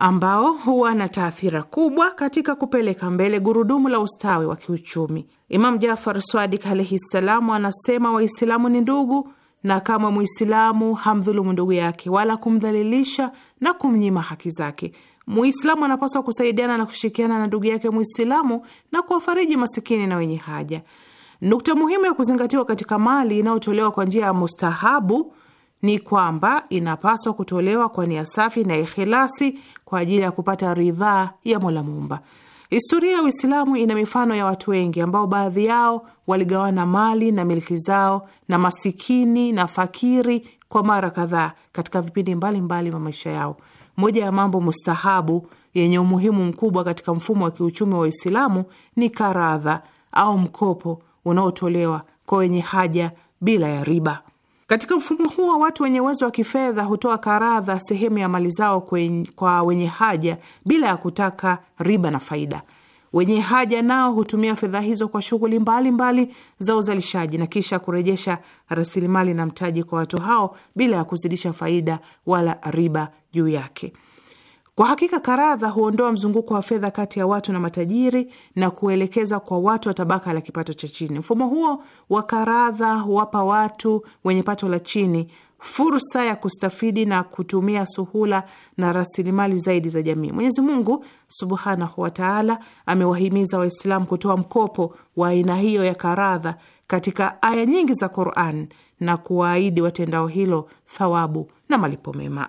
ambao huwa na taathira kubwa katika kupeleka mbele gurudumu la ustawi wa kiuchumi. Imam Jafar Swadik alaihi ssalamu anasema, Waislamu ni ndugu, na kama Mwislamu hamdhulumu ndugu yake wala kumdhalilisha na kumnyima haki zake. Muislamu anapaswa kusaidiana na kushirikiana na ndugu yake Muislamu na kuwafariji masikini na wenye haja. Nukta muhimu ya kuzingatiwa katika mali inayotolewa kwa njia ya mustahabu ni kwamba inapaswa kutolewa kwa nia safi na ikhilasi kwa ajili ya kupata ridhaa ya Mola Muumba. Historia ya Uislamu ina mifano ya watu wengi ambao baadhi yao waligawana mali na milki zao na masikini na fakiri kwa mara kadhaa katika vipindi mbalimbali vya maisha yao moja ya mambo mustahabu yenye umuhimu mkubwa katika mfumo wa kiuchumi wa Uislamu ni karadha au mkopo unaotolewa kwa wenye haja bila ya riba. Katika mfumo huo, watu wenye uwezo wa kifedha hutoa karadha, sehemu ya mali zao, kwa wenye haja bila ya kutaka riba na faida. Wenye haja nao hutumia fedha hizo kwa shughuli mbalimbali za uzalishaji na kisha kurejesha rasilimali na mtaji kwa watu hao bila ya kuzidisha faida wala riba juu yake. Kwa hakika karadha huondoa mzunguko wa fedha kati ya watu na matajiri na kuelekeza kwa watu wa tabaka la kipato cha chini. Mfumo huo wa karadha huwapa watu wenye pato la chini fursa ya kustafidi na kutumia suhula na rasilimali zaidi za jamii. Mwenyezi Mungu subhanahu wataala amewahimiza Waislamu kutoa mkopo wa aina hiyo ya karadha katika aya nyingi za Quran na kuwaahidi watendao hilo thawabu na malipo mema.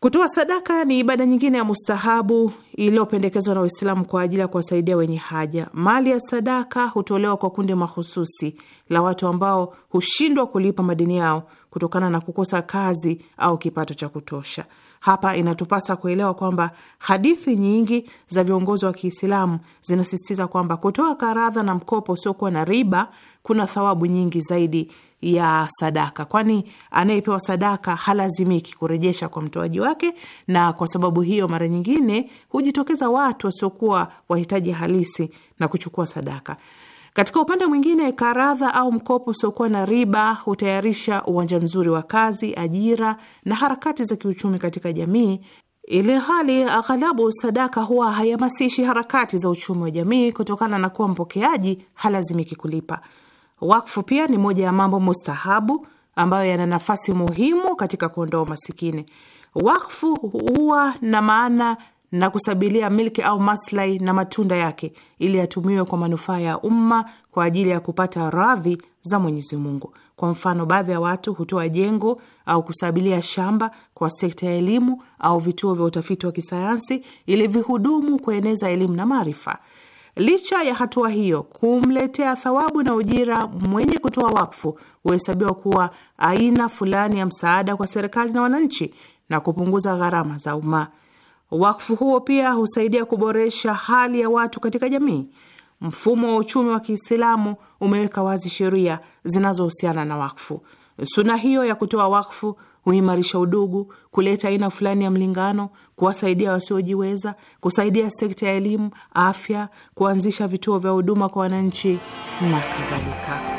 Kutoa sadaka ni ibada nyingine ya mustahabu iliyopendekezwa na waislam kwa ajili ya kuwasaidia wenye haja. Mali ya sadaka hutolewa kwa kundi mahususi la watu ambao hushindwa kulipa madeni yao kutokana na kukosa kazi au kipato cha kutosha. Hapa inatupasa kuelewa kwamba hadithi nyingi za viongozi wa Kiislamu zinasisitiza kwamba kutoa karadha na mkopo usiokuwa na riba kuna thawabu nyingi zaidi ya sadaka, kwani anayepewa sadaka halazimiki kurejesha kwa mtoaji wake, na kwa sababu hiyo mara nyingine hujitokeza watu wasiokuwa wahitaji halisi na kuchukua sadaka. Katika upande mwingine, karadha au mkopo usiokuwa na riba hutayarisha uwanja mzuri wa kazi, ajira na harakati za kiuchumi katika jamii, ili hali aghalabu sadaka huwa haihamasishi harakati za uchumi wa jamii kutokana na kuwa mpokeaji halazimiki kulipa. Wakfu pia ni moja ya mambo mustahabu ambayo yana nafasi muhimu katika kuondoa umasikini. Wakfu huwa na maana na kusabilia milki au maslahi na matunda yake ili yatumiwe kwa manufaa ya umma kwa ajili ya kupata radhi za Mwenyezi Mungu. Kwa mfano, baadhi ya watu hutoa jengo au kusabilia shamba kwa sekta ya elimu au vituo vya utafiti wa kisayansi ili vihudumu kueneza elimu na maarifa. Licha ya hatua hiyo kumletea thawabu na ujira mwenye kutoa wakfu huhesabiwa kuwa aina fulani ya msaada kwa serikali na wananchi na kupunguza gharama za umma. Wakfu huo pia husaidia kuboresha hali ya watu katika jamii. Mfumo wa uchumi wa Kiislamu umeweka wazi sheria zinazohusiana na wakfu. Suna hiyo ya kutoa wakfu huimarisha udugu, kuleta aina fulani ya mlingano, kuwasaidia wasiojiweza, kusaidia sekta ya elimu, afya, kuanzisha vituo vya huduma kwa wananchi na kadhalika.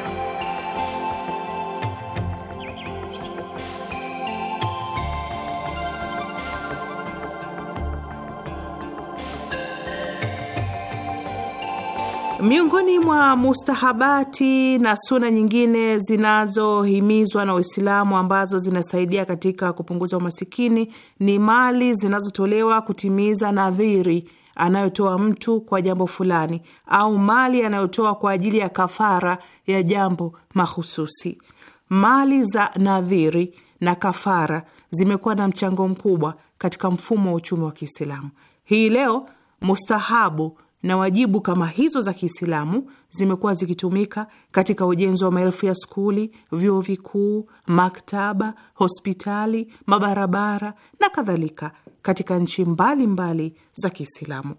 Miongoni mwa mustahabati na suna nyingine zinazohimizwa na Uislamu ambazo zinasaidia katika kupunguza umasikini ni mali zinazotolewa kutimiza nadhiri anayotoa mtu kwa jambo fulani au mali anayotoa kwa ajili ya kafara ya jambo mahususi. Mali za nadhiri na kafara zimekuwa na mchango mkubwa katika mfumo wa uchumi wa Kiislamu. Hii leo mustahabu na wajibu kama hizo za Kiislamu zimekuwa zikitumika katika ujenzi wa maelfu ya skuli, vyuo vikuu, maktaba, hospitali, mabarabara na kadhalika katika nchi mbalimbali mbali za Kiislamu.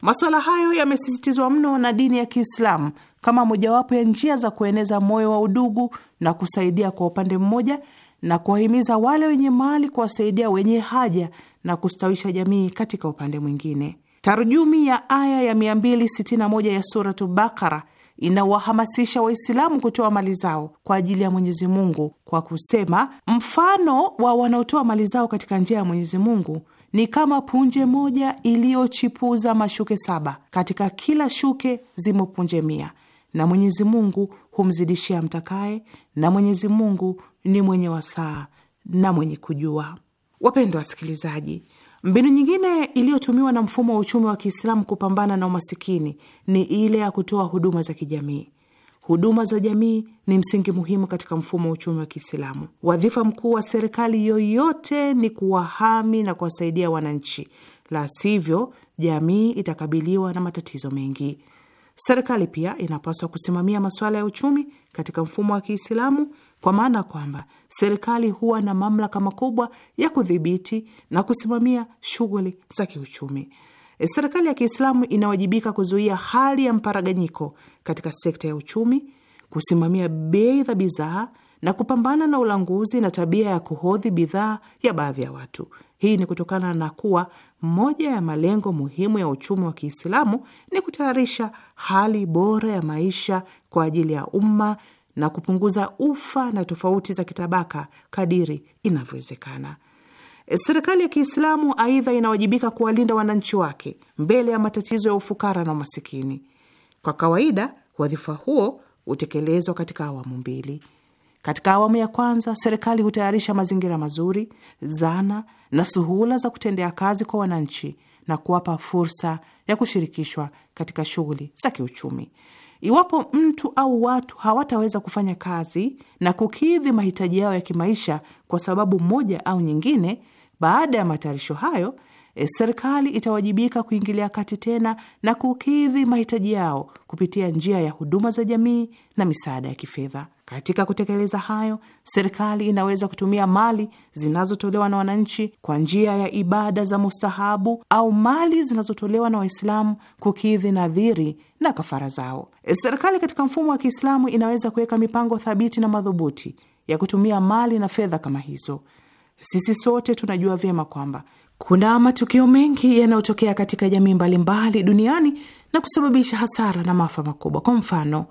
Masuala hayo yamesisitizwa mno na dini ya Kiislamu kama mojawapo ya njia za kueneza moyo wa udugu na kusaidia kwa upande mmoja, na kuwahimiza wale wenye mali kuwasaidia wenye haja na kustawisha jamii katika upande mwingine. Tarjumi ya aya ya 261 ya Suratu Bakara inawahamasisha Waislamu kutoa mali zao kwa ajili ya Mwenyezi Mungu kwa kusema, mfano wa wanaotoa mali zao katika njia ya Mwenyezi Mungu ni kama punje moja iliyochipuza mashuke saba, katika kila shuke zimo punje mia, na Mwenyezi Mungu humzidishia mtakaye, na Mwenyezi Mungu ni mwenye wasaa na mwenye kujua. Wapendwa wasikilizaji Mbinu nyingine iliyotumiwa na mfumo wa uchumi wa Kiislamu kupambana na umasikini ni ile ya kutoa huduma za kijamii. Huduma za jamii ni msingi muhimu katika mfumo wa uchumi wa Kiislamu. Wadhifa mkuu wa serikali yoyote ni kuwahami na kuwasaidia wananchi, la sivyo jamii itakabiliwa na matatizo mengi. Serikali pia inapaswa kusimamia masuala ya uchumi katika mfumo wa Kiislamu kwa maana kwamba serikali huwa na mamlaka makubwa ya kudhibiti na kusimamia shughuli za kiuchumi. E, serikali ya Kiislamu inawajibika kuzuia hali ya mparaganyiko katika sekta ya uchumi, kusimamia bei za bidhaa na kupambana na ulanguzi na tabia ya kuhodhi bidhaa ya baadhi ya watu. Hii ni kutokana na kuwa moja ya malengo muhimu ya uchumi wa Kiislamu ni kutayarisha hali bora ya maisha kwa ajili ya umma na kupunguza ufa na tofauti za kitabaka kadiri inavyowezekana. Serikali ya Kiislamu aidha inawajibika kuwalinda wananchi wake mbele ya matatizo ya ufukara na umasikini. Kwa kawaida wadhifa huo hutekelezwa katika awamu mbili. Katika awamu ya kwanza, serikali hutayarisha mazingira mazuri, zana na suhula za kutendea kazi kwa wananchi na kuwapa fursa ya kushirikishwa katika shughuli za kiuchumi. Iwapo mtu au watu hawataweza kufanya kazi na kukidhi mahitaji yao ya kimaisha kwa sababu moja au nyingine, baada ya matayarisho hayo, eh, serikali itawajibika kuingilia kati tena na kukidhi mahitaji yao kupitia njia ya huduma za jamii na misaada ya kifedha. Katika kutekeleza hayo, serikali inaweza kutumia mali zinazotolewa na wananchi kwa njia ya ibada za mustahabu au mali zinazotolewa na Waislamu kukidhi nadhiri na kafara zao. Serikali katika mfumo wa Kiislamu inaweza kuweka mipango thabiti na madhubuti ya kutumia mali na fedha kama hizo. Sisi sote tunajua vyema kwamba kuna matukio mengi yanayotokea katika jamii mbalimbali duniani na kusababisha hasara na maafa makubwa. Kwa mfano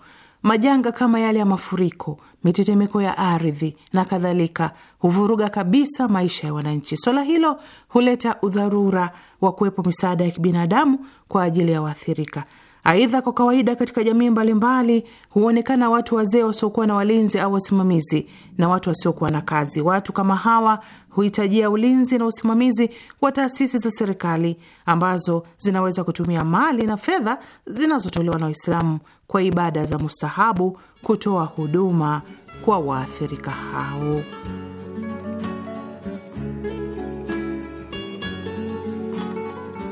Majanga kama yale ya mafuriko, mitetemeko ya ardhi na kadhalika huvuruga kabisa maisha ya wananchi. Swala hilo huleta udharura wa kuwepo misaada ya kibinadamu kwa ajili ya waathirika. Aidha, kwa kawaida katika jamii mbalimbali huonekana watu wazee wasiokuwa na walinzi au wasimamizi na watu wasiokuwa na kazi. Watu kama hawa huhitajia ulinzi na usimamizi wa taasisi za serikali ambazo zinaweza kutumia mali na fedha zinazotolewa na Waislamu kwa ibada za mustahabu kutoa huduma kwa waathirika hao.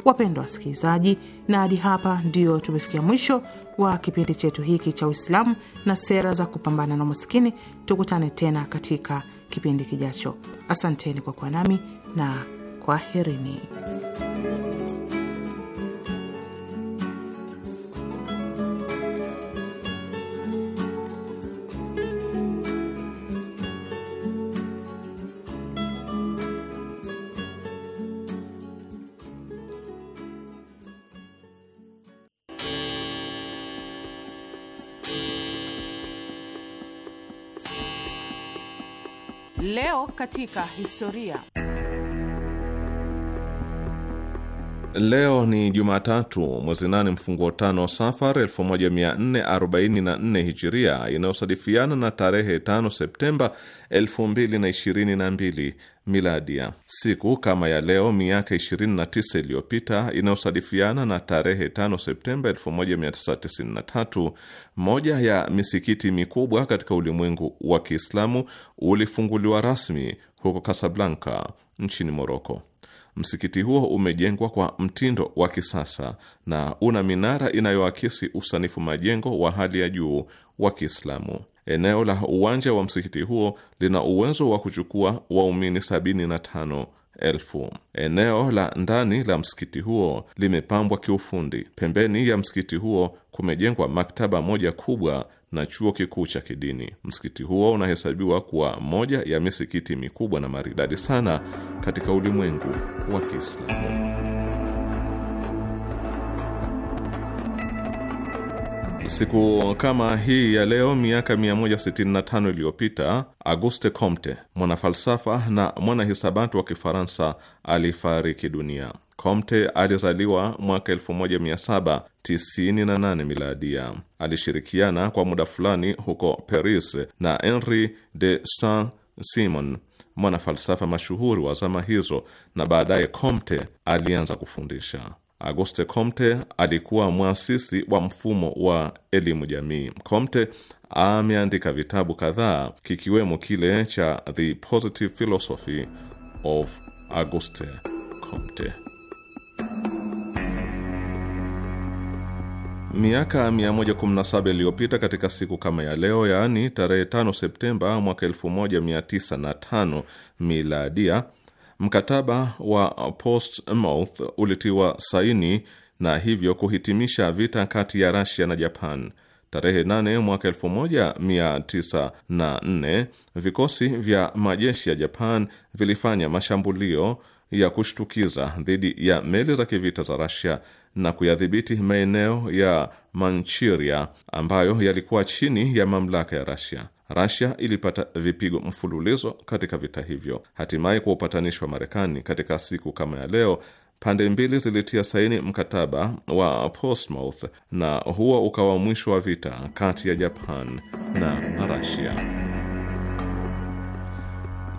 Wapendwa wasikilizaji, na hadi hapa ndio tumefikia mwisho wa kipindi chetu hiki cha Uislamu na sera za kupambana na umasikini. Tukutane tena katika kipindi kijacho. Asanteni kwa kuwa nami na kwaherini. Leo katika historia. Leo ni Jumatatu, mwezi nane mfunguo tano Safar 1444 Hijiria, inayosadifiana na tarehe 5 Septemba 2022 miladia. Siku kama ya leo miaka 29 iliyopita inayosadifiana na tarehe 5 Septemba 1993, moja ya misikiti mikubwa katika ulimwengu wa Kiislamu ulifunguliwa rasmi huko Casablanca nchini Moroko. Msikiti huo umejengwa kwa mtindo wa kisasa na una minara inayoakisi usanifu majengo wa hali ya juu wa Kiislamu. Eneo la uwanja wa msikiti huo lina uwezo wa kuchukua waumini sabini na tano elfu. Eneo la ndani la msikiti huo limepambwa kiufundi. Pembeni ya msikiti huo kumejengwa maktaba moja kubwa na chuo kikuu cha kidini. Msikiti huo unahesabiwa kuwa moja ya misikiti mikubwa na maridadi sana katika ulimwengu wa Kiislamu. Siku kama hii ya leo miaka 165 iliyopita Auguste Comte, mwanafalsafa na mwanahisabati wa Kifaransa, alifariki dunia. Comte alizaliwa mwaka 1798 miladia. Alishirikiana kwa muda fulani huko Paris na Henri de Saint-Simon, mwanafalsafa mashuhuri wa zama hizo, na baadaye Comte alianza kufundisha. Auguste Comte alikuwa mwasisi wa mfumo wa elimu jamii. Comte ameandika vitabu kadhaa kikiwemo kile cha The Positive Philosophy of Auguste Comte. Miaka 117 iliyopita katika siku kama ya leo, yaani tarehe 5 Septemba mwaka 1905 miladia, mkataba wa Portsmouth ulitiwa saini na hivyo kuhitimisha vita kati ya Russia na Japan. Tarehe 8 mwaka 1904 vikosi vya majeshi ya Japan vilifanya mashambulio ya kushtukiza dhidi ya meli za kivita za Russia na kuyadhibiti maeneo ya Manchuria ambayo yalikuwa chini ya mamlaka ya Russia. Rasia ilipata vipigo mfululizo katika vita hivyo. Hatimaye, kwa upatanishi wa Marekani, katika siku kama ya leo, pande mbili zilitia saini mkataba wa Portsmouth na huo ukawa mwisho wa vita kati ya Japan na Rasia.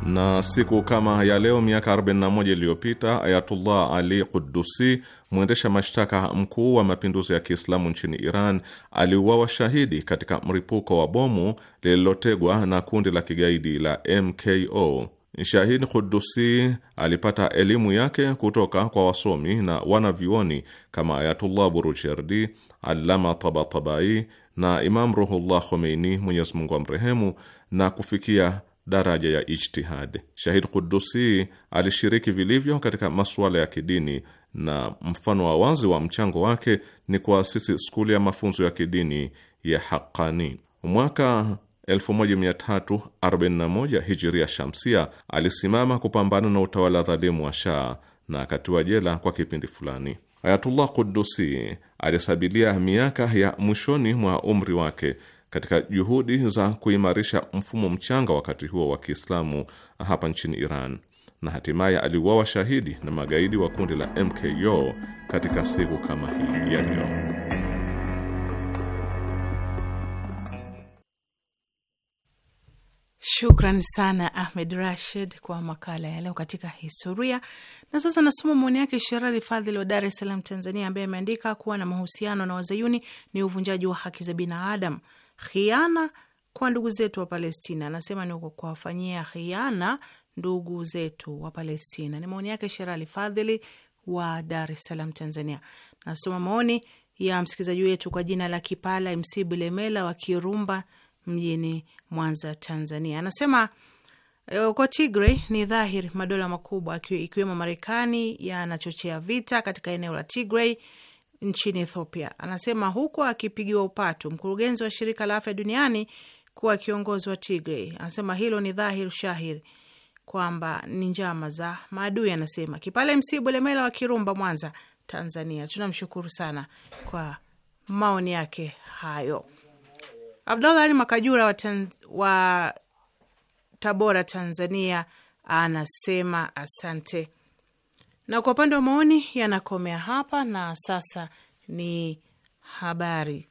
Na siku kama ya leo miaka 41 iliyopita Ayatullah Ali Qudusi, mwendesha mashtaka mkuu wa mapinduzi ya Kiislamu nchini Iran, aliuawa shahidi katika mripuko wa bomu lililotegwa na kundi la kigaidi la MKO. Shahid Qudusi alipata elimu yake kutoka kwa wasomi na wanavyuoni kama Ayatullah Burujerdi, Allama Tabatabai na Imam Ruhullah Khomeini, Mwenyezi Mungu amrehemu, na kufikia daraja ya ijtihad. Shahid Kudusi alishiriki vilivyo katika masuala ya kidini na mfano wa wazi wa mchango wake ni kuasisi skuli ya mafunzo ya kidini ya Haqani. Mwaka 1341 hijiria shamsia alisimama kupambana na utawala dhalimu wa Shah na akatiwa jela kwa kipindi fulani. Ayatullah Kudusi alisabilia miaka ya mwishoni mwa umri wake katika juhudi za kuimarisha mfumo mchanga wakati huo wa Kiislamu hapa nchini Iran, na hatimaye aliuawa shahidi na magaidi wa kundi la MKO katika siku kama hii ya leo. Shukran sana Ahmed Rashid kwa makala ya leo katika historia. Na sasa nasoma maoni yake Sherali Fadhili wa Dar es Salaam, Tanzania, ambaye ameandika kuwa na mahusiano na wazayuni ni uvunjaji wa haki za binadamu khiana kwa ndugu zetu wa Palestina. Anasema ni kwa kuwafanyia khiana ndugu zetu wa Palestina. Ni maoni yake Sherali Fadhili wa Dar es Salaam, Tanzania. Nasoma maoni ya msikilizaji wetu kwa jina la Kipala MC Bulemela wa Kirumba mjini Mwanza, Tanzania. Anasema eh, kwa Tigray ni dhahiri madola makubwa ikiwemo Marekani yanachochea vita katika eneo la Tigray nchini Ethiopia. Anasema huku akipigiwa upatu mkurugenzi wa shirika la afya duniani kuwa kiongozi wa Tigray. Anasema hilo ni dhahir shahir kwamba ni njama za maadui. Anasema Kipale Msibu Lemela wa Kirumba, Mwanza, Tanzania. Tunamshukuru sana kwa maoni yake hayo. Abdallah Ali Makajura wa, ten, wa Tabora, Tanzania, anasema asante. Na kwa upande wa maoni yanakomea hapa, na sasa ni habari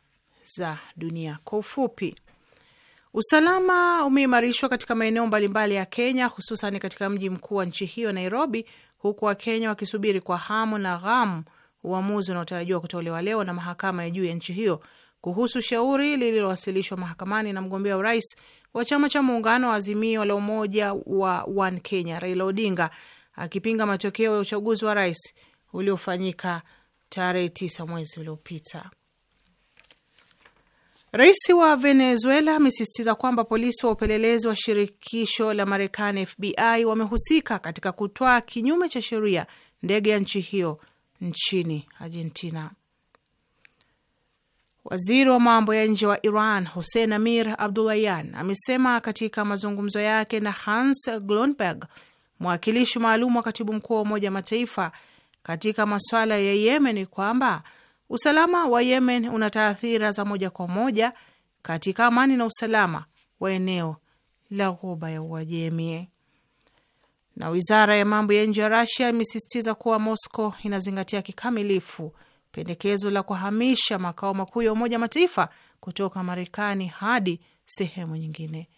za dunia kwa ufupi. Usalama umeimarishwa katika maeneo mbalimbali ya Kenya, hususan katika mji mkuu wa nchi hiyo Nairobi, huku Wakenya wakisubiri kwa hamu na ghamu uamuzi unaotarajiwa kutolewa leo na mahakama ya juu ya nchi hiyo kuhusu shauri lililowasilishwa mahakamani na mgombea urais wa chama cha muungano wa Azimio la Umoja wa One Kenya Raila Odinga akipinga matokeo ya uchaguzi wa rais uliofanyika tarehe tisa mwezi uliopita. Rais wa Venezuela amesisitiza kwamba polisi wa upelelezi wa shirikisho la Marekani FBI wamehusika katika kutwaa kinyume cha sheria ndege ya nchi hiyo nchini Argentina. Waziri wa mambo ya nje wa Iran Hussein Amir Abdulayan amesema katika mazungumzo yake na Hans glonberg mwakilishi maalum wa katibu mkuu wa Umoja Mataifa katika maswala ya Yemen kwamba usalama wa Yemen una taathira za moja kwa moja katika amani na usalama wa eneo la Ghuba ya Uajemi. Na wizara ya mambo ya nje ya Rasia imesisitiza kuwa Moscow inazingatia kikamilifu pendekezo la kuhamisha makao makuu ya Umoja Mataifa kutoka Marekani hadi sehemu nyingine.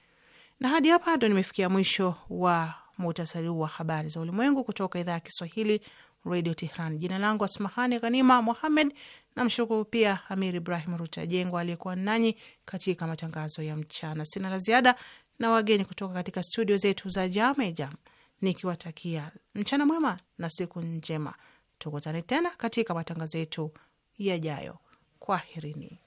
Na hadi hapa ndo nimefikia mwisho wa muhtasari huu wa habari za ulimwengu kutoka idhaa ya Kiswahili Radio Tehran. Jina langu Asmahani Ghanima Mohamed. Namshukuru pia Amir Ibrahim Rutajengwa aliyekuwa nanyi katika matangazo ya mchana. Sina la ziada na wageni kutoka katika studio zetu za Jamejam, nikiwatakia mchana mwema na siku njema. Tukutane tena katika matangazo yetu yajayo. Kwaherini.